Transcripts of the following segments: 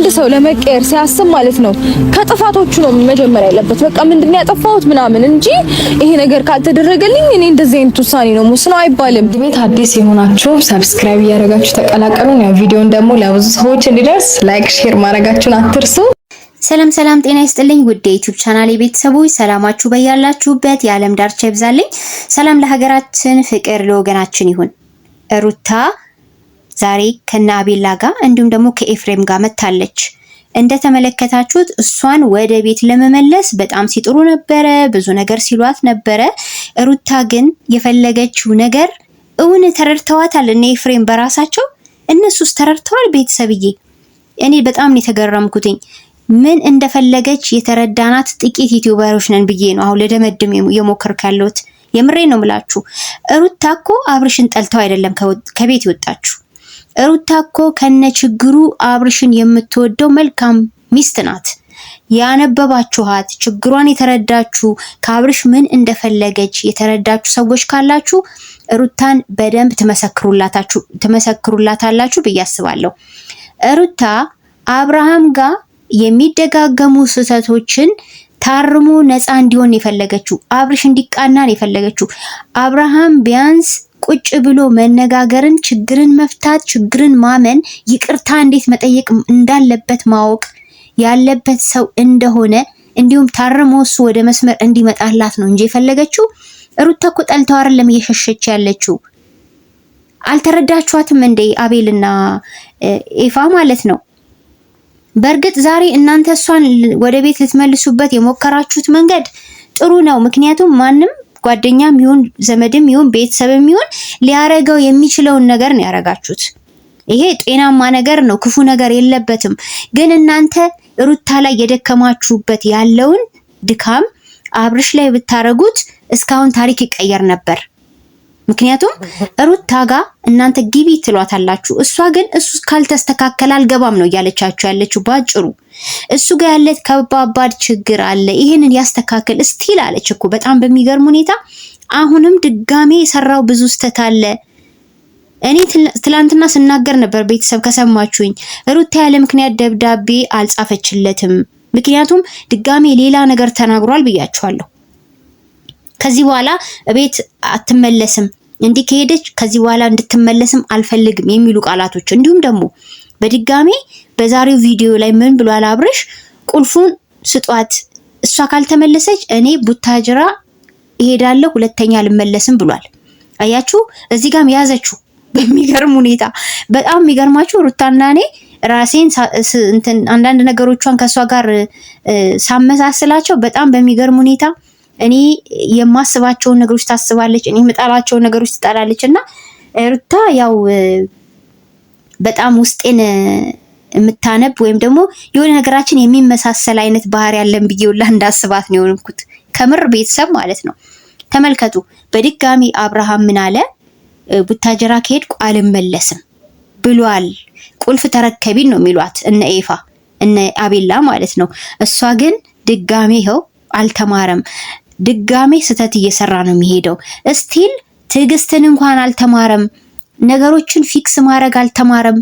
አንድ ሰው ለመቀየር ሲያስብ ማለት ነው ከጥፋቶቹ ነው መጀመር ያለበት። በቃ ምንድነው ያጠፋሁት ምናምን እንጂ ይሄ ነገር ካልተደረገልኝ እኔ እንደዚህ አይነት ውሳኔ ነው ወስነው አይባልም። ቤት አዲስ የሆናችሁ ሰብስክራይብ እያደረጋችሁ ተቀላቀሉን። ያው ቪዲዮን ደግሞ ለብዙ ሰዎች እንዲደርስ ላይክ፣ ሼር ማድረጋችሁን አትርሱ። ሰላም ሰላም፣ ጤና ይስጥልኝ ውድ የዩቲዩብ ቻናል ቤተሰቦች፣ ሰላማችሁ በያላችሁበት የዓለም ዳርቻ ይብዛልኝ። ሰላም ለሀገራችን፣ ፍቅር ለወገናችን ይሁን። ሩታ ዛሬ ከነ አቤላ ጋር እንዲሁም ደግሞ ከኤፍሬም ጋር መታለች። እንደተመለከታችሁት እሷን ወደ ቤት ለመመለስ በጣም ሲጥሩ ነበረ፣ ብዙ ነገር ሲሏት ነበረ። ሩታ ግን የፈለገችው ነገር እውን ተረድተዋታል። እነ ኤፍሬም በራሳቸው እነሱስ ተረድተዋል። ቤተሰብዬ እኔ በጣም ነው የተገረምኩትኝ። ምን እንደፈለገች የተረዳናት ጥቂት ዩቲዩበሮች ነን ብዬ ነው አሁን ለደመድም የሞከርኩ ያለሁት። የምሬ ነው ምላችሁ። ሩታ እኮ አብርሽን ጠልተው አይደለም ከቤት የወጣችሁ ሩታ እኮ ከነ ችግሩ አብርሽን የምትወደው መልካም ሚስት ናት። ያነበባችኋት ችግሯን የተረዳችሁ ከአብርሽ ምን እንደፈለገች የተረዳችሁ ሰዎች ካላችሁ ሩታን በደንብ ትመሰክሩላታላችሁ ብዬ አስባለሁ። ሩታ አብርሃም ጋር የሚደጋገሙ ስህተቶችን ታርሞ ነፃ እንዲሆን የፈለገችው አብርሽ እንዲቃናን የፈለገችው አብርሃም ቢያንስ ቁጭ ብሎ መነጋገርን፣ ችግርን መፍታት፣ ችግርን ማመን፣ ይቅርታ እንዴት መጠየቅ እንዳለበት ማወቅ ያለበት ሰው እንደሆነ እንዲሁም ታርሞ እሱ ወደ መስመር እንዲመጣላት ነው እንጂ የፈለገችው። ሩታ እኮ ጠልተው አይደለም እየሸሸች ያለችው። አልተረዳችኋትም እንዴ? አቤልና ኤፋ ማለት ነው። በእርግጥ ዛሬ እናንተ እሷን ወደ ቤት ልትመልሱበት የሞከራችሁት መንገድ ጥሩ ነው። ምክንያቱም ማንም ጓደኛም ይሁን ዘመድም ይሁን ቤተሰብም ይሁን ሊያረገው የሚችለውን ነገር ነው ያረጋችሁት። ይሄ ጤናማ ነገር ነው፣ ክፉ ነገር የለበትም። ግን እናንተ ሩታ ላይ የደከማችሁበት ያለውን ድካም አብርሽ ላይ ብታረጉት እስካሁን ታሪክ ይቀየር ነበር። ምክንያቱም ሩታ ጋ እናንተ ግቢ ትሏታላችሁ፣ እሷ ግን እሱ ካልተስተካከለ አልገባም ነው እያለቻችሁ ያለችው ባጭሩ። እሱ ጋር ያለ ከባባድ ችግር አለ፣ ይህንን ያስተካክል እስቲል አለች እኮ በጣም በሚገርም ሁኔታ። አሁንም ድጋሜ የሰራው ብዙ ስተት አለ። እኔ ትላንትና ስናገር ነበር ቤተሰብ ከሰማችሁኝ፣ ሩታ ያለ ምክንያት ደብዳቤ አልጻፈችለትም። ምክንያቱም ድጋሜ ሌላ ነገር ተናግሯል ብያችኋለሁ። ከዚህ በኋላ እቤት አትመለስም እንዲህ ከሄደች ከዚህ በኋላ እንድትመለስም አልፈልግም የሚሉ ቃላቶች እንዲሁም ደግሞ በድጋሚ በዛሬው ቪዲዮ ላይ ምን ብሏል አብርሽ? ቁልፉን ስጧት፣ እሷ ካልተመለሰች እኔ ቡታጅራ እሄዳለሁ፣ ሁለተኛ አልመለስም ብሏል። አያችሁ፣ እዚህ ጋም ያዘችው በሚገርም ሁኔታ። በጣም የሚገርማችሁ ሩታና እኔ ራሴን እንትን አንዳንድ ነገሮቿን ከእሷ ጋር ሳመሳስላቸው በጣም በሚገርም ሁኔታ እኔ የማስባቸውን ነገሮች ታስባለች፣ እኔ የምጠላቸውን ነገሮች ትጠላለች እና ሩታ ያው በጣም ውስጤን የምታነብ ወይም ደግሞ የሆነ ነገራችን የሚመሳሰል አይነት ባህሪ ያለን ብዬ ሁላ እንዳስባት ነው የሆንኩት። ከምር ቤተሰብ ማለት ነው። ተመልከቱ በድጋሚ አብርሃም ምን አለ? ቡታጀራ ከሄድኩ አልመለስም ብሏል። ቁልፍ ተረከቢን ነው የሚሏት እነ ኤፋ እነ አቤላ ማለት ነው። እሷ ግን ድጋሜ ይኸው አልተማረም። ድጋሜ ስህተት እየሰራ ነው የሚሄደው። እስቲል ትዕግስትን እንኳን አልተማረም። ነገሮችን ፊክስ ማድረግ አልተማረም።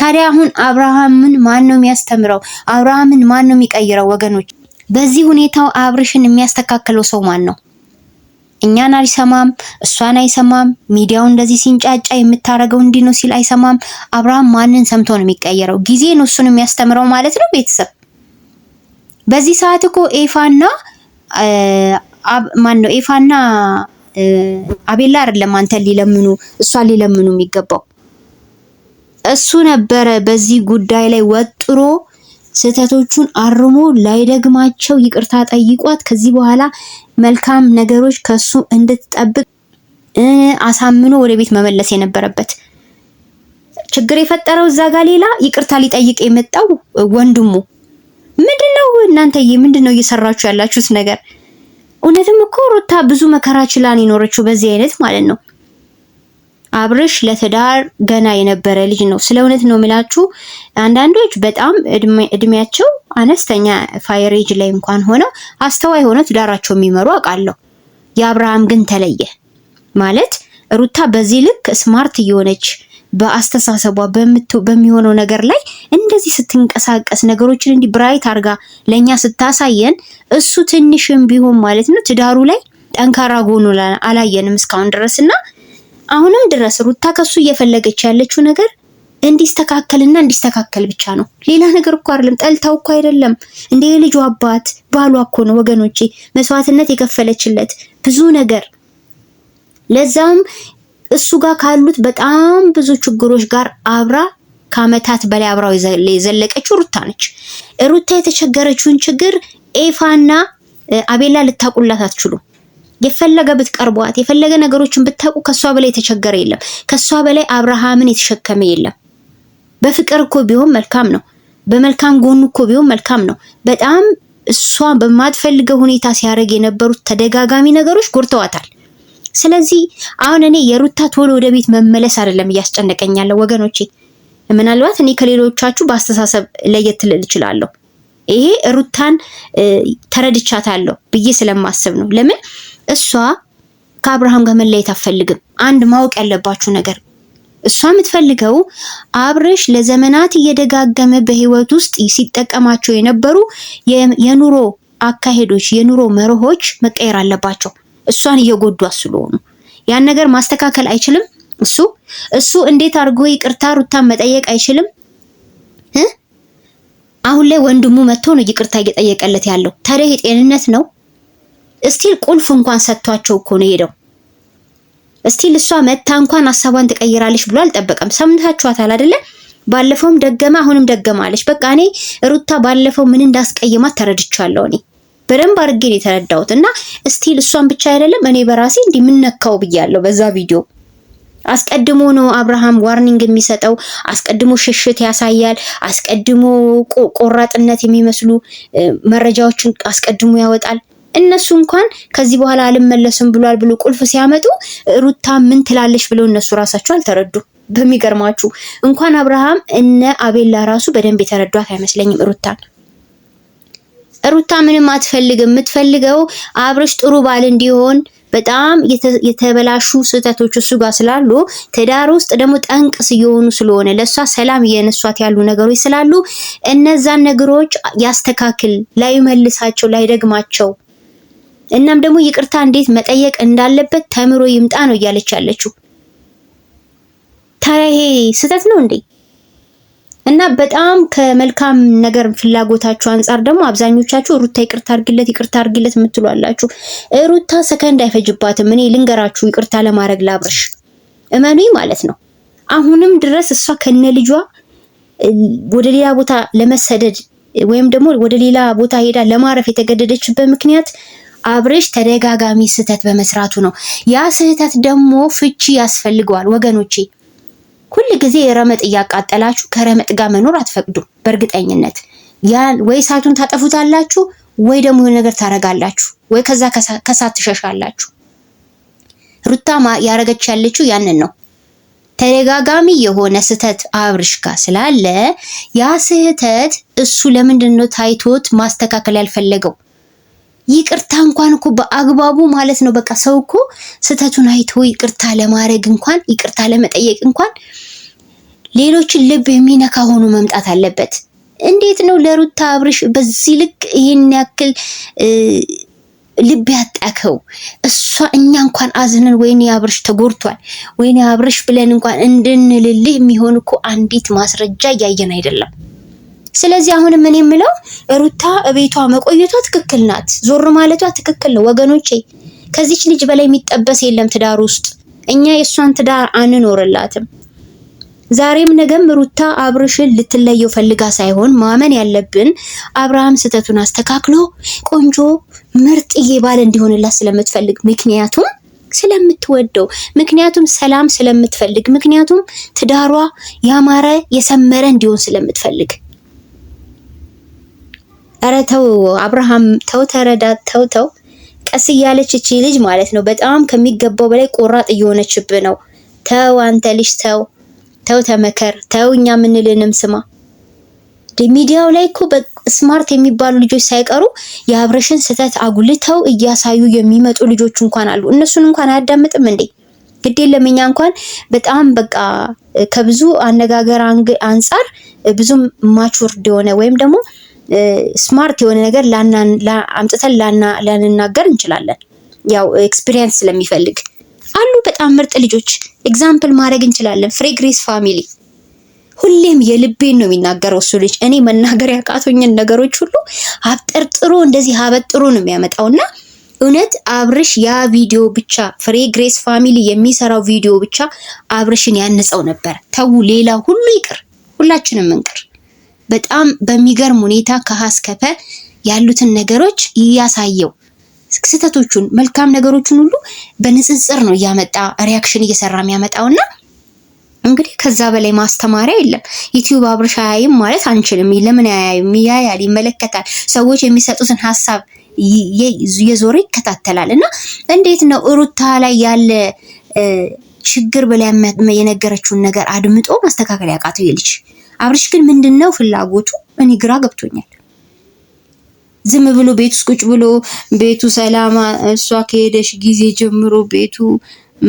ታዲያ አሁን አብርሃምን ማን ነው የሚያስተምረው? አብርሃምን ማን ነው የሚቀይረው? ወገኖች በዚህ ሁኔታው አብርሽን የሚያስተካክለው ሰው ማን ነው? እኛን አይሰማም፣ እሷን አይሰማም። ሚዲያው እንደዚህ ሲንጫጫ የምታረገው እንዲህ ነው ሲል አይሰማም። አብርሃም ማንን ሰምቶ ነው የሚቀየረው? ጊዜ ነው እሱን የሚያስተምረው ማለት ነው። ቤተሰብ በዚህ ሰዓት እኮ ኤፋና ማን ነው ኤፋና አቤላ አይደለም አንተ ሊለምኑ እሷ ሊለምኑ የሚገባው እሱ ነበረ። በዚህ ጉዳይ ላይ ወጥሮ ስህተቶቹን አርሞ ላይደግማቸው ይቅርታ ጠይቋት። ከዚህ በኋላ መልካም ነገሮች ከሱ እንድትጠብቅ አሳምኖ ወደ ቤት መመለስ የነበረበት ችግር የፈጠረው እዛ ጋር ሌላ ይቅርታ ሊጠይቅ የመጣው ወንድሙ ምንድነው? እናንተዬ ምንድነው እየሰራችሁ ያላችሁት ነገር? እውነትም እኮ ሩታ ብዙ መከራ ችላን የኖረችው በዚህ አይነት ማለት ነው። አብርሽ ለትዳር ገና የነበረ ልጅ ነው። ስለ እውነት ነው የሚላችሁ አንዳንዶች በጣም እድሜያቸው አነስተኛ ፋይሬጅ ላይ እንኳን ሆነው አስተዋይ ሆነው ትዳራቸው የሚመሩ አውቃለሁ። የአብርሃም ግን ተለየ ማለት ሩታ በዚህ ልክ ስማርት እየሆነች በአስተሳሰቧ በሚሆነው ነገር ላይ እንደዚህ ስትንቀሳቀስ ነገሮችን እንዲህ ብራይት አርጋ ለእኛ ስታሳየን እሱ ትንሽም ቢሆን ማለት ነው ትዳሩ ላይ ጠንካራ ጎኑ አላየንም እስካሁን ድረስ እና አሁንም ድረስ ሩታ ከሱ እየፈለገች ያለችው ነገር እንዲስተካከልና እንዲስተካከል ብቻ ነው። ሌላ ነገር እኮ አይደለም። ጠልታው እኮ አይደለም። እንደ የልጁ አባት ባሏ እኮ ነው ወገኖቼ፣ መስዋዕትነት የከፈለችለት ብዙ ነገር ለዛውም እሱ ጋር ካሉት በጣም ብዙ ችግሮች ጋር አብራ ከአመታት በላይ አብራው የዘለቀችው ሩታ ነች። ሩታ የተቸገረችውን ችግር ኤፋና አቤላ ልታቁላት አትችሉም። የፈለገ ብትቀርቧት የፈለገ ነገሮችን ብታውቁ ከሷ በላይ የተቸገረ የለም። ከሷ በላይ አብርሃምን የተሸከመ የለም። በፍቅር እኮ ቢሆን መልካም ነው። በመልካም ጎኑ እኮ ቢሆን መልካም ነው። በጣም እሷ በማትፈልገው ሁኔታ ሲያደርግ የነበሩት ተደጋጋሚ ነገሮች ጎድተዋታል። ስለዚህ አሁን እኔ የሩታ ቶሎ ወደ ቤት መመለስ አይደለም እያስጨነቀኝ ያለው ወገኖቼ። ምናልባት እኔ ከሌሎቻችሁ በአስተሳሰብ ለየት ልል እችላለሁ። ይሄ ሩታን ተረድቻታለሁ ብዬ ስለማስብ ነው። ለምን እሷ ከአብርሃም ጋር መለየት አትፈልግም። አንድ ማወቅ ያለባችሁ ነገር እሷ የምትፈልገው አብርሽ ለዘመናት እየደጋገመ በህይወት ውስጥ ሲጠቀማቸው የነበሩ የኑሮ አካሄዶች፣ የኑሮ መርሆች መቀየር አለባቸው። እሷን እየጎዷ ስለሆኑ ያን ነገር ማስተካከል አይችልም። እሱ እሱ እንዴት አድርጎ ይቅርታ ሩታን መጠየቅ አይችልም። አሁን ላይ ወንድሙ መጥቶ ነው ይቅርታ እየጠየቀለት ያለው። ታዲያ የጤንነት ነው? እስቲል ቁልፍ እንኳን ሰጥቷቸው እኮ ነው ሄደው። እስቲል እሷ መታ እንኳን ሀሳቧን ትቀይራለች ብሎ አልጠበቀም። ሰምታችኋታል አይደለ? ባለፈውም ደገመ፣ አሁንም ደገማለች። በቃ እኔ ሩታ ባለፈው ምን እንዳስቀይማት ተረድቻለሁ እኔ በደንብ አድርጌ የተረዳሁት። እና ስቲል እሷን ብቻ አይደለም እኔ በራሴ እንዲህ ምነካው ብያለሁ በዛ ቪዲዮ። አስቀድሞ ነው አብርሃም ዋርኒንግ የሚሰጠው። አስቀድሞ ሽሽት ያሳያል። አስቀድሞ ቆራጥነት የሚመስሉ መረጃዎችን አስቀድሞ ያወጣል። እነሱ እንኳን ከዚህ በኋላ አልመለስም ብሏል ብሎ ቁልፍ ሲያመጡ ሩታ ምን ትላለች ብለው እነሱ ራሳቸው አልተረዱ። በሚገርማችሁ እንኳን አብርሃም እነ አቤላ ራሱ በደንብ የተረዷት አይመስለኝም ሩታን። ሩታ ምንም አትፈልግም። የምትፈልገው አብርሽ ጥሩ ባል እንዲሆን በጣም የተበላሹ ስህተቶች እሱ ጋር ስላሉ ትዳር ውስጥ ደግሞ ጠንቅስ እየሆኑ ስለሆነ ለእሷ ሰላም እየነሷት ያሉ ነገሮች ስላሉ እነዛን ነገሮች ያስተካክል፣ ላይመልሳቸው፣ ላይደግማቸው እናም ደግሞ ይቅርታ እንዴት መጠየቅ እንዳለበት ተምሮ ይምጣ ነው እያለች ያለችው። ታዲያ ይሄ ስህተት ነው እንዴ? እና በጣም ከመልካም ነገር ፍላጎታችሁ አንጻር ደግሞ አብዛኞቻችሁ ሩታ ይቅርታ አርግለት ይቅርታ አርግለት የምትሏላችሁ። ሩታ ሰከንድ አይፈጅባትም። እኔ ልንገራችሁ ይቅርታ ለማድረግ ላብርሽ እመኑኝ ማለት ነው። አሁንም ድረስ እሷ ከነ ልጇ ወደ ሌላ ቦታ ለመሰደድ ወይም ደግሞ ወደ ሌላ ቦታ ሄዳ ለማረፍ የተገደደችበት ምክንያት አብርሽ ተደጋጋሚ ስህተት በመስራቱ ነው። ያ ስህተት ደግሞ ፍቺ ያስፈልገዋል ወገኖቼ። ሁል ጊዜ ረመጥ እያቃጠላችሁ ከረመጥ ጋር መኖር አትፈቅዱም። በእርግጠኝነት ያን ወይ እሳቱን ታጠፉታላችሁ ወይ ደግሞ የሆነ ነገር ታረጋላችሁ፣ ወይ ከዛ ከሳት ትሸሻላችሁ። ሩታማ ያረገች ያለችው ያንን ነው። ተደጋጋሚ የሆነ ስህተት አብርሽ ጋር ስላለ ያ ስህተት እሱ ለምንድን ነው ታይቶት ማስተካከል ያልፈለገው? ይቅርታ እንኳን እኮ በአግባቡ ማለት ነው። በቃ ሰው እኮ ስህተቱን አይቶ ይቅርታ ለማድረግ እንኳን ይቅርታ ለመጠየቅ እንኳን ሌሎችን ልብ የሚነካ ሆኖ መምጣት አለበት። እንዴት ነው ለሩታ አብርሽ በዚህ ልክ ይህን ያክል ልብ ያጣከው? እሷ እኛ እንኳን አዝነን ወይኔ አብርሽ ተጎድቷል፣ ወይኔ አብርሽ ብለን እንኳን እንድንልልህ የሚሆን እኮ አንዲት ማስረጃ እያየን አይደለም። ስለዚህ አሁንም እኔ የምለው ሩታ እቤቷ መቆየቷ ትክክል ናት። ዞር ማለቷ ትክክል ነው። ወገኖቼ ከዚች ልጅ በላይ የሚጠበስ የለም ትዳር ውስጥ እኛ የእሷን ትዳር አንኖርላትም። ዛሬም ነገም ሩታ አብርሽን ልትለየው ፈልጋ ሳይሆን ማመን ያለብን አብርሃም ስህተቱን አስተካክሎ ቆንጆ ምርጥዬ ባል እንዲሆንላት ስለምትፈልግ ምክንያቱም ስለምትወደው ምክንያቱም ሰላም ስለምትፈልግ ምክንያቱም ትዳሯ ያማረ የሰመረ እንዲሆን ስለምትፈልግ። ኧረ ተው አብርሃም ተው፣ ተረዳ ተው ተው። ቀስ እያለች እቺ ልጅ ማለት ነው በጣም ከሚገባው በላይ ቆራጥ እየሆነችብህ ነው። ተው አንተ ልጅ ተው። ተው ተመከር፣ ተው እኛ ምንልንም ስማ። ሚዲያው ላይ እኮ ስማርት የሚባሉ ልጆች ሳይቀሩ የአብረሽን ስህተት አጉልተው እያሳዩ የሚመጡ ልጆች እንኳን አሉ። እነሱን እንኳን አያዳምጥም እንዴ? ግዴን እኛ እንኳን በጣም በቃ ከብዙ አነጋገር አንጻር ብዙም ማቹርድ የሆነ ወይም ደግሞ ስማርት የሆነ ነገር አምጥተን ላንናገር እንችላለን። ያው ኤክስፒሪየንስ ስለሚፈልግ አሉ በጣም ምርጥ ልጆች። ኤግዛምፕል ማድረግ እንችላለን። ፍሬግሬስ ፋሚሊ ሁሌም የልቤን ነው የሚናገረው እሱ ልጅ። እኔ መናገር ያቃቶኝን ነገሮች ሁሉ አብጠርጥሮ እንደዚህ አበጥሮ ነው የሚያመጣውና እውነት አብርሽ ያ ቪዲዮ ብቻ ፍሬ ግሬስ ፋሚሊ የሚሰራው ቪዲዮ ብቻ አብርሽን ያንጸው ነበር። ተው ሌላ ሁሉ ይቅር፣ ሁላችንም እንቅር። በጣም በሚገርም ሁኔታ ከሀስከፈ ያሉትን ነገሮች እያሳየው ስህተቶቹን መልካም ነገሮችን ሁሉ በንጽጽር ነው እያመጣ ሪያክሽን እየሰራ የሚያመጣውና እንግዲህ ከዛ በላይ ማስተማሪያ የለም። ዩቲዩብ አብርሽ አያይም ማለት አንችልም። ለምን አያይም? ያያል፣ ይመለከታል። ሰዎች የሚሰጡትን ሀሳብ የዞረ ይከታተላል። እና እንዴት ነው ሩታ ላይ ያለ ችግር ብላ የነገረችውን ነገር አድምጦ ማስተካከል ያቃተው የልጅ አብርሽ ግን ምንድን ነው ፍላጎቱ? እኔ ግራ ገብቶኛል። ዝም ብሎ ቤት ውስጥ ቁጭ ብሎ ቤቱ ሰላም እሷ ከሄደሽ ጊዜ ጀምሮ ቤቱ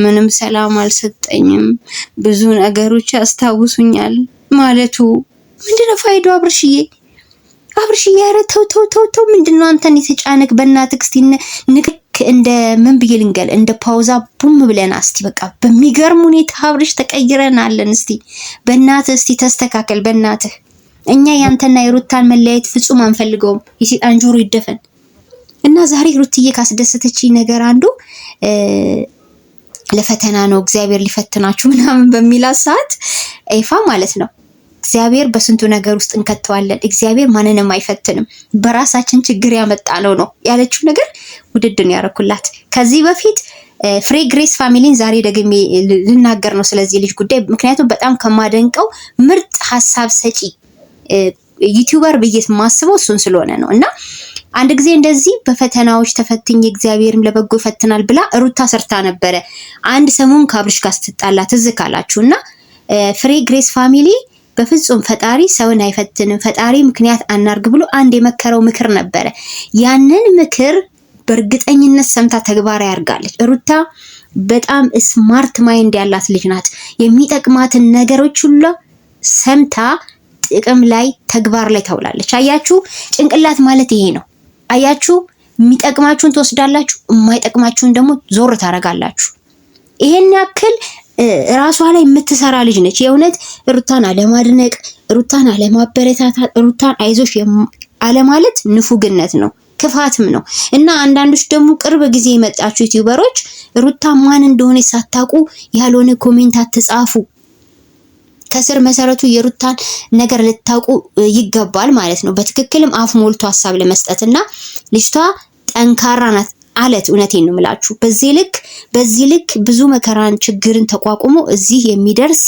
ምንም ሰላም አልሰጠኝም፣ ብዙ ነገሮች ያስታውሱኛል ማለቱ ምንድነው ፋይዳው? አብርሽዬ አብርሽዬ፣ ኧረ ተው ተው ተው ተው፣ ምንድነው አንተን የተጫነክ? በእናትህ እስቲ ንክክ እንደ ምን ብዬ ልንገል፣ እንደ ፓውዛ ቡም ብለን እስቲ በቃ በሚገርም ሁኔታ አብርሽ ተቀይረናለን። እስቲ በእናትህ እስቲ ተስተካከል በእናትህ እኛ ያንተና የሩታን መለያየት ፍጹም አንፈልገውም። የሴጣን ጆሮ ይደፈን እና ዛሬ ሩትዬ ካስደሰተች ነገር አንዱ ለፈተና ነው እግዚአብሔር ሊፈትናችሁ ምናምን በሚላት ሰዓት ኤፋ ማለት ነው እግዚአብሔር በስንቱ ነገር ውስጥ እንከተዋለን። እግዚአብሔር ማንንም አይፈትንም፣ በራሳችን ችግር ያመጣ ነው ነው ያለችው ነገር ውድድ ነው ከዚህ በፊት ፍሬ ግሬስ ፋሚሊን ዛሬ ደግሜ ልናገር ነው ስለዚህ ልጅ ጉዳይ፣ ምክንያቱም በጣም ከማደንቀው ምርጥ ሀሳብ ሰጪ ዩቲዩበር ብዬ ማስበው እሱን ስለሆነ ነው እና አንድ ጊዜ እንደዚህ በፈተናዎች ተፈትኝ እግዚአብሔርም ለበጎ ይፈትናል ብላ ሩታ ሰርታ ነበረ። አንድ ሰሞን ከአብርሽ ጋር ስትጣላ ትዝ ካላችሁ እና ፍሬ ግሬስ ፋሚሊ በፍጹም ፈጣሪ ሰውን አይፈትንም፣ ፈጣሪ ምክንያት አናርግ ብሎ አንድ የመከረው ምክር ነበረ። ያንን ምክር በእርግጠኝነት ሰምታ ተግባራዊ ያርጋለች ሩታ በጣም ስማርት ማይንድ ያላት ልጅ ናት። የሚጠቅማትን ነገሮች ሁሉ ሰምታ ጥቅም ላይ ተግባር ላይ ታውላለች። አያችሁ ጭንቅላት ማለት ይሄ ነው። አያችሁ የሚጠቅማችሁን ትወስዳላችሁ፣ የማይጠቅማችሁን ደግሞ ዞር ታረጋላችሁ። ይሄን ያክል ራሷ ላይ የምትሰራ ልጅ ነች። የእውነት ሩታን አለማድነቅ፣ ሩታን አለማበረታታት፣ ሩታን አይዞሽ አለማለት ንፉግነት ነው ክፋትም ነው እና አንዳንዶች ደግሞ ቅርብ ጊዜ የመጣችሁ ዩቲዩበሮች ሩታ ማን እንደሆነ ሳታውቁ ያልሆነ ኮሜንት አትጻፉ ከስር መሰረቱ የሩታን ነገር ልታውቁ ይገባል ማለት ነው። በትክክልም አፍ ሞልቶ ሀሳብ ለመስጠትና ልጅቷ ጠንካራ ናት አለት እውነቴን ነው የምላችሁ። በዚህ ልክ በዚህ ልክ ብዙ መከራን ችግርን ተቋቁሞ እዚህ የሚደርስ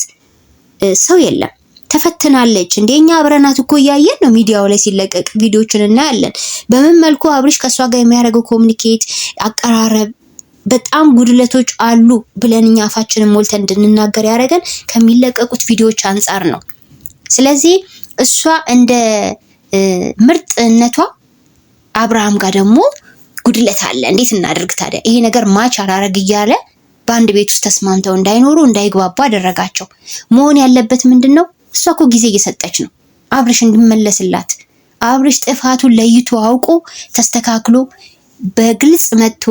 ሰው የለም። ተፈትናለች እንዴ! እኛ አብረናት እኮ እያየን ነው ሚዲያው ላይ ሲለቀቅ ቪዲዮችን እናያለን። በምን መልኩ አብሪሽ ከእሷ ጋር የሚያደርገው ኮሚኒኬት አቀራረብ በጣም ጉድለቶች አሉ ብለን እኛ አፋችንን ሞልተን እንድንናገር ያደረገን ከሚለቀቁት ቪዲዮዎች አንጻር ነው። ስለዚህ እሷ እንደ ምርጥነቷ አብርሃም ጋር ደግሞ ጉድለት አለ። እንዴት እናደርግ ታዲያ? ይሄ ነገር ማች አላረግ እያለ በአንድ ቤት ውስጥ ተስማምተው እንዳይኖሩ እንዳይግባቡ አደረጋቸው። መሆን ያለበት ምንድን ነው? እሷ እኮ ጊዜ እየሰጠች ነው አብርሽ እንዲመለስላት አብርሽ ጥፋቱ ለይቶ አውቆ ተስተካክሎ በግልጽ መጥቶ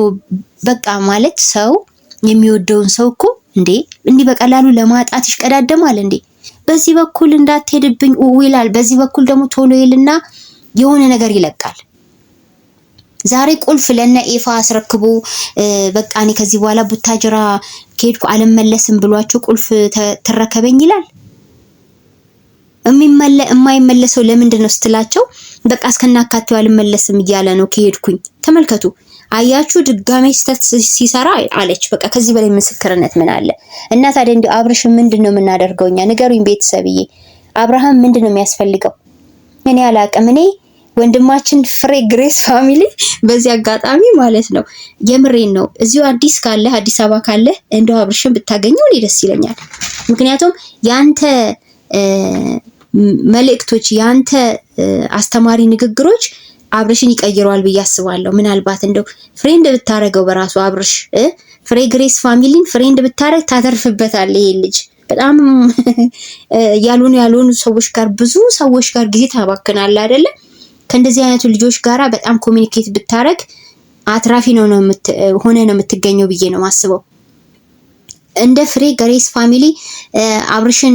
በቃ ማለት ሰው የሚወደውን ሰው እኮ እንዴ እንዲህ በቀላሉ ለማጣት ይሽቀዳደማል እንዴ? በዚህ በኩል እንዳትሄድብኝ ው ይላል። በዚህ በኩል ደግሞ ቶሎ ይልና የሆነ ነገር ይለቃል። ዛሬ ቁልፍ ለነ ኤፋ አስረክቦ በቃ እኔ ከዚህ በኋላ ቡታጅራ ከሄድኩ አልመለስም ብሏቸው ቁልፍ ትረከበኝ ይላል። የማይመለሰው ለምንድን ነው ስትላቸው በቃ እስከናካቴው አልመለስም እያለ ነው ከሄድኩኝ። ተመልከቱ አያችሁ፣ ድጋሜ ስህተት ሲሰራ አለች። በቃ ከዚህ በላይ ምስክርነት ምን አለ? እና ታዲያ እንዲያው አብርሽ ምንድን ነው የምናደርገው እኛ? ንገሩኝ ቤተሰብዬ፣ አብርሃም ምንድን ነው የሚያስፈልገው? እኔ አላቅም። እኔ ወንድማችን ፍሬ ግሬስ ፋሚሊ በዚህ አጋጣሚ ማለት ነው የምሬን ነው። እዚሁ አዲስ ካለ አዲስ አበባ ካለ እንደው አብርሽን ብታገኘው እኔ ደስ ይለኛል። ምክንያቱም ያንተ መልእክቶች፣ ያንተ አስተማሪ ንግግሮች አብርሽን ይቀይረዋል ብዬ አስባለሁ። ምናልባት እንደው ፍሬንድ ብታረገው በራሱ አብርሽ ፍሬ ግሬስ ፋሚሊን ፍሬንድ ብታረግ ታተርፍበታል። ይሄ ልጅ በጣም ያልሆኑ ያልሆኑ ሰዎች ጋር ብዙ ሰዎች ጋር ጊዜ ታባክናል አይደለ? ከእንደዚህ አይነቱ ልጆች ጋራ በጣም ኮሚኒኬት ብታረግ አትራፊ ነው ሆነ ነው የምትገኘው ብዬ ነው ማስበው። እንደ ፍሬ ግሬስ ፋሚሊ አብርሽን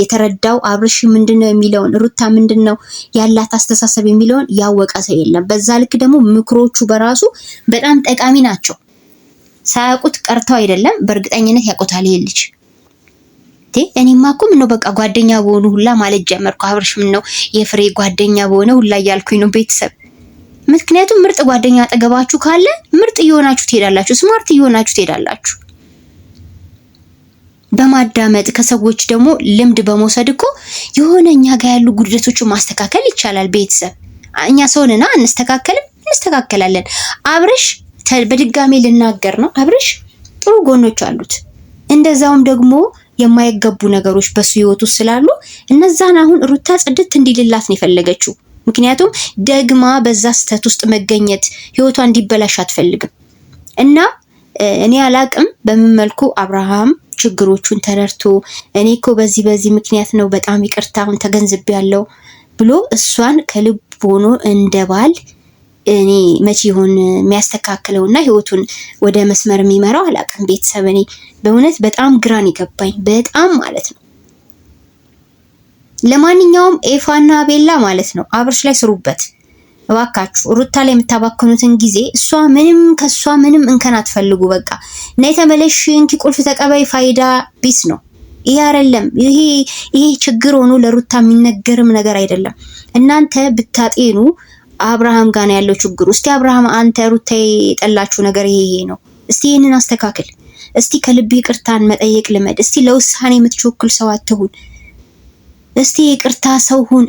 የተረዳው አብርሽ ምንድነው የሚለውን ሩታ ምንድነው ያላት አስተሳሰብ የሚለውን ያወቀ ሰው የለም። በዛ ልክ ደግሞ ምክሮቹ በራሱ በጣም ጠቃሚ ናቸው። ሳያውቁት ቀርተው አይደለም፣ በእርግጠኝነት ያውቁታል። ይሄ ልጅ እኔማ እኮ ምነው በቃ ጓደኛ በሆኑ ሁላ ማለት ጀመርኩ። አብርሽ ምነው የፍሬ ጓደኛ በሆነ ሁላ እያልኩኝ ነው ቤተሰብ ምክንያቱም ምርጥ ጓደኛ አጠገባችሁ ካለ ምርጥ እየሆናችሁ ትሄዳላችሁ፣ ስማርት እየሆናችሁ ትሄዳላችሁ። በማዳመጥ ከሰዎች ደግሞ ልምድ በመውሰድ እኮ የሆነ እኛ ጋር ያሉ ጉድለቶችን ማስተካከል ይቻላል። ቤተሰብ እኛ ሰውንና አንስተካከልም፣ እንስተካከላለን። አብርሽ በድጋሜ ልናገር ነው፣ አብርሽ ጥሩ ጎኖች አሉት። እንደዛውም ደግሞ የማይገቡ ነገሮች በሱ ህይወቱ ስላሉ እነዛን አሁን ሩታ ጽድት እንዲልላት ነው የፈለገችው። ምክንያቱም ደግማ በዛ ስህተት ውስጥ መገኘት ህይወቷ እንዲበላሽ አትፈልግም እና እኔ አላቅም በምን መልኩ አብርሃም ችግሮቹን ተረድቶ እኔ እኮ በዚህ በዚህ ምክንያት ነው በጣም ይቅርታ አሁን ያለው ብሎ እሷን ከልብ ሆኖ እንደ ባል እኔ መቼ ይሆን የሚያስተካክለው እና ህይወቱን ወደ መስመር የሚመራው አላውቅም። ቤተሰብ እኔ በእውነት በጣም ግራን ይገባኝ በጣም ማለት ነው። ለማንኛውም ኤፋና ቤላ ማለት ነው አብርሽ ላይ ስሩበት። እባካችሁ ሩታ ላይ የምታባክኑትን ጊዜ እሷ ምንም ከሷ ምንም እንከን አትፈልጉ። በቃ እና የተመለሽ እንኪ ቁልፍ ተቀባይ ፋይዳ ቢስ ነው ይሄ አይደለም። ይሄ ይሄ ችግር ሆኖ ለሩታ የሚነገርም ነገር አይደለም። እናንተ ብታጤኑ አብርሃም ጋር ነው ያለው ችግሩ። እስቲ አብርሃም አንተ ሩታ የጠላችሁ ነገር ይሄ ነው። እስቲ ይህንን አስተካክል። እስቲ ከልብ ይቅርታን መጠየቅ ልመድ። እስቲ ለውሳኔ የምትቾክል ሰው አትሁን። እስቲ ይቅርታ ሰው ሁን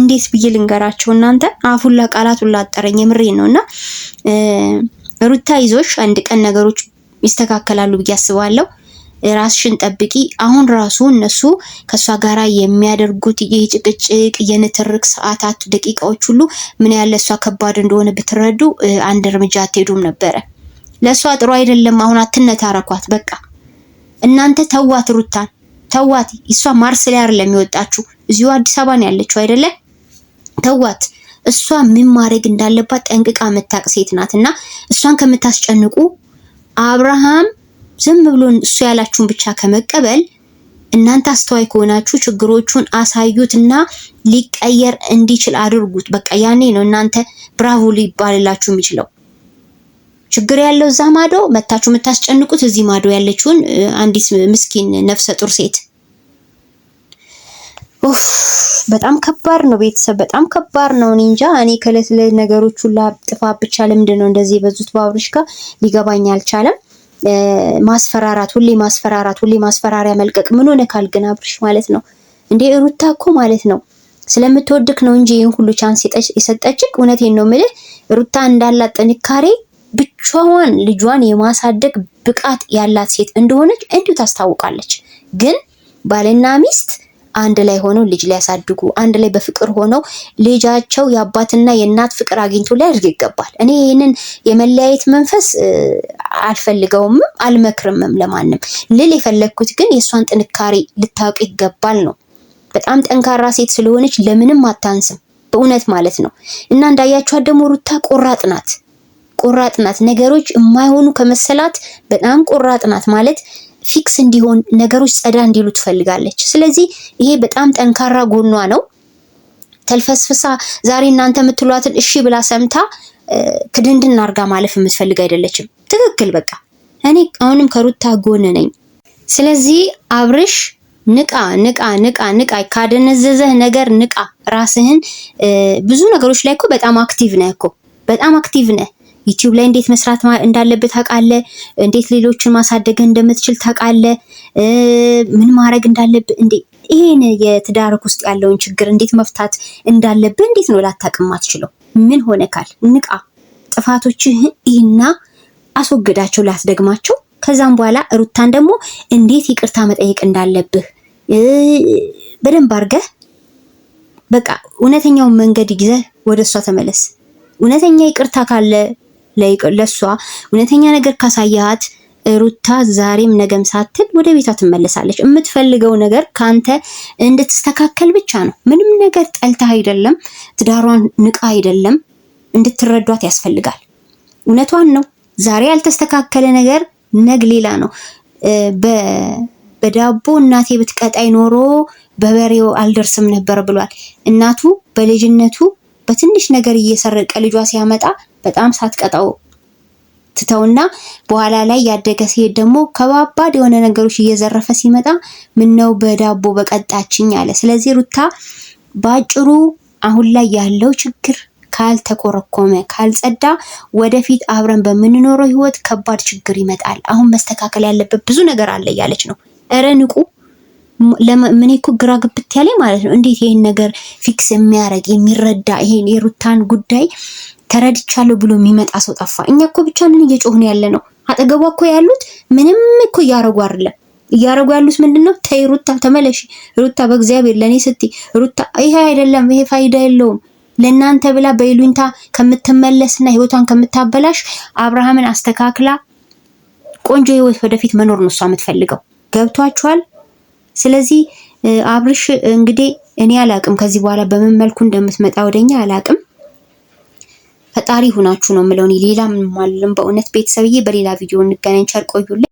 እንዴት ብዬ ልንገራቸው እናንተ አፉላ ቃላቱን ላጠረኝ የምሬን ነው እና ሩታ ይዞሽ አንድ ቀን ነገሮች ይስተካከላሉ ብዬ አስባለሁ። ራስሽን ጠብቂ። አሁን ራሱ እነሱ ከእሷ ጋራ የሚያደርጉት የጭቅጭቅ የንትርክ ሰዓታት፣ ደቂቃዎች ሁሉ ምን ያለ እሷ ከባድ እንደሆነ ብትረዱ አንድ እርምጃ አትሄዱም ነበረ። ለእሷ ጥሩ አይደለም። አሁን አትነታረኳት። በቃ እናንተ ተዋት ሩታን ተዋት። እሷ ማርስ ላይ አይደለም የወጣችሁ እዚሁ አዲስ አበባ ነው ያለችው አይደለ? ተዋት። እሷ ምን ማድረግ እንዳለባት ጠንቅቃ የምታውቅ ሴት ናት። እና እሷን ከምታስጨንቁ አብርሃም ዝም ብሎ እሱ ያላችሁን ብቻ ከመቀበል እናንተ አስተዋይ ከሆናችሁ ችግሮቹን አሳዩትና ሊቀየር እንዲችል አድርጉት። በቃ ያኔ ነው እናንተ ብራቮ ሊባልላችሁ የሚችለው። ችግር ያለው እዛ ማዶ መታችሁ የምታስጨንቁት እዚህ ማዶ ያለችውን አንዲት ምስኪን ነፍሰ ጡር ሴት። በጣም ከባድ ነው ቤተሰብ፣ በጣም ከባድ ነው። እኔ እንጃ እኔ ከእለት እለት ነገሮች ሁላ ጥፋት ብቻ ለምንድን ነው እንደዚህ የበዙት ባብሮች ጋር ሊገባኝ አልቻለም። ማስፈራራት፣ ሁሌ ማስፈራራት፣ ሁሌ ማስፈራሪያ መልቀቅ። ምን ሆነ ግን አብርሽ ማለት ነው እንዴ ሩታ እኮ ማለት ነው ስለምትወድክ ነው እንጂ ይህን ሁሉ ቻንስ የሰጠችክ። እውነቴን ነው ምልህ ሩታ እንዳላት ጥንካሬ ብቻዋን ልጇን የማሳደግ ብቃት ያላት ሴት እንደሆነች እንዲሁ ታስታውቃለች። ግን ባልና ሚስት አንድ ላይ ሆነው ልጅ ሊያሳድጉ አንድ ላይ በፍቅር ሆነው ልጃቸው የአባትና የእናት ፍቅር አግኝቶ ሊያድግ ይገባል። እኔ ይህንን የመለያየት መንፈስ አልፈልገውም፣ አልመክርምም ለማንም ልል የፈለግኩት ግን የእሷን ጥንካሬ ልታውቅ ይገባል ነው። በጣም ጠንካራ ሴት ስለሆነች ለምንም አታንስም፣ በእውነት ማለት ነው። እና እንዳያችኋት ደግሞ ሩታ ቆራጥ ናት። ቆራጥ ናት። ነገሮች የማይሆኑ ከመሰላት በጣም ቆራጥ ናት ማለት ፊክስ እንዲሆን ነገሮች ጸዳ እንዲሉ ትፈልጋለች። ስለዚህ ይሄ በጣም ጠንካራ ጎኗ ነው። ተልፈስፍሳ ዛሬ እናንተ የምትሏትን እሺ ብላ ሰምታ ክድንድን አርጋ ማለፍ የምትፈልግ አይደለችም። ትክክል በቃ እኔ አሁንም ከሩታ ጎን ነኝ። ስለዚህ አብርሽ ንቃ ንቃ ንቃ ንቃ፣ ካደነዘዘህ ነገር ንቃ። ራስህን ብዙ ነገሮች ላይ እኮ በጣም አክቲቭ ነህ እኮ በጣም አክቲቭ ነህ። ዩቲዩብ ላይ እንዴት መስራት እንዳለበት ታውቃለ። እንዴት ሌሎችን ማሳደግ እንደምትችል ታውቃለ። ምን ማድረግ እንዳለብህ እንዴ ይህን የትዳርክ ውስጥ ያለውን ችግር እንዴት መፍታት እንዳለብህ እንዴት ነው ላታውቅም አትችለው? ምን ሆነ ካል ንቃ፣ ጥፋቶችህን ይህና አስወግዳቸው፣ ላስደግማቸው። ከዛም በኋላ ሩታን ደግሞ እንዴት ይቅርታ መጠየቅ እንዳለብህ በደንብ አድርገህ በቃ እውነተኛውን መንገድ ይዘህ ወደ እሷ ተመለስ። እውነተኛ ይቅርታ ካለ ለእሷ እውነተኛ ነገር ካሳያት ሩታ ዛሬም ነገም ሳትል ወደ ቤቷ ትመለሳለች። የምትፈልገው ነገር ካንተ እንድትስተካከል ብቻ ነው። ምንም ነገር ጠልታ አይደለም፣ ትዳሯን ንቃ አይደለም። እንድትረዷት ያስፈልጋል። እውነቷን ነው። ዛሬ ያልተስተካከለ ነገር ነግ ሌላ ነው። በዳቦ እናቴ ብትቀጣይ ኖሮ በበሬው አልደርስም ነበር ብሏል። እናቱ በልጅነቱ በትንሽ ነገር እየሰረቀ ልጇ ሲያመጣ በጣም ሳትቀጣው ትተውና በኋላ ላይ ያደገ ሲሄድ ደግሞ ከባባድ የሆነ ነገሮች እየዘረፈ ሲመጣ ምነው በዳቦ በቀጣችኝ አለ። ስለዚህ ሩታ ባጭሩ አሁን ላይ ያለው ችግር ካልተኮረኮመ ካልጸዳ ወደፊት አብረን በምንኖረው ህይወት ከባድ ችግር ይመጣል። አሁን መስተካከል ያለበት ብዙ ነገር አለ እያለች ነው። እረ ንቁ! ለምን እኮ ግራ ግብት ያለ ማለት ነው። እንዴት ይሄን ነገር ፊክስ የሚያደርግ የሚረዳ ይሄን የሩታን ጉዳይ ተረድቻለሁ ብሎ የሚመጣ ሰው ጠፋ። እኛ እኮ ብቻንን እየጮህን ያለ ነው። አጠገቧ እኮ ያሉት ምንም እኮ እያረጉ አይደለም። እያረጉ ያሉት ነው? ተይ ሩታ ተመለሽ፣ ሩታ በእግዚአብሔር ለእኔ ስቲ፣ ሩታ ይሄ አይደለም፣ ይሄ ፋይዳ የለውም ለእናንተ ብላ በይሉኝታ ከምትመለስና ህይወቷን ከምታበላሽ አብርሃምን አስተካክላ ቆንጆ ህይወት ወደፊት መኖር ነው እሷ የምትፈልገው። ገብቷችኋል? ስለዚህ አብርሽ እንግዲህ እኔ አላቅም ከዚህ በኋላ በምን መልኩ እንደምትመጣ ወደኛ አላቅም። ፈጣሪ ሁናችሁ ነው የምለውን ሌላ ምንም አልልም። በእውነት ቤተሰብዬ፣ በሌላ ቪዲዮ እንገናኝ። ቸር ቆዩልኝ።